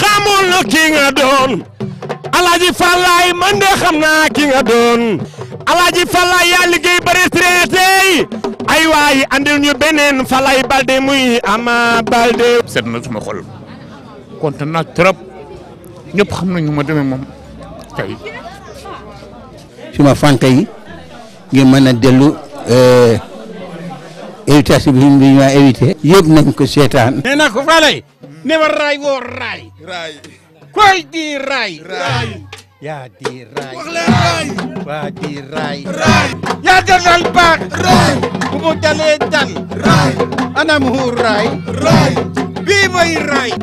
xamul na ki nga doon alaaji Fallaay man de xam naa ki nga doon alaaji Fallaay yaa liggéey ba retraité ay waay andil ñu beneen Fallaay Balde muy Ama Balde set na suma xol kontaan naa trop ñëpp xam nañu ma demee moom tey suma fan tey ngir mën a dellu euh, invitation bi ñu ma invité yëpp nañ ko seetaan never raay woo raay. raay. di raay. yaa di raay. wax leen raay. waa di raay. raay. yaa dalal baax. raay. bu mu dalee dal. anam hu raay. raay. bii mooy raay.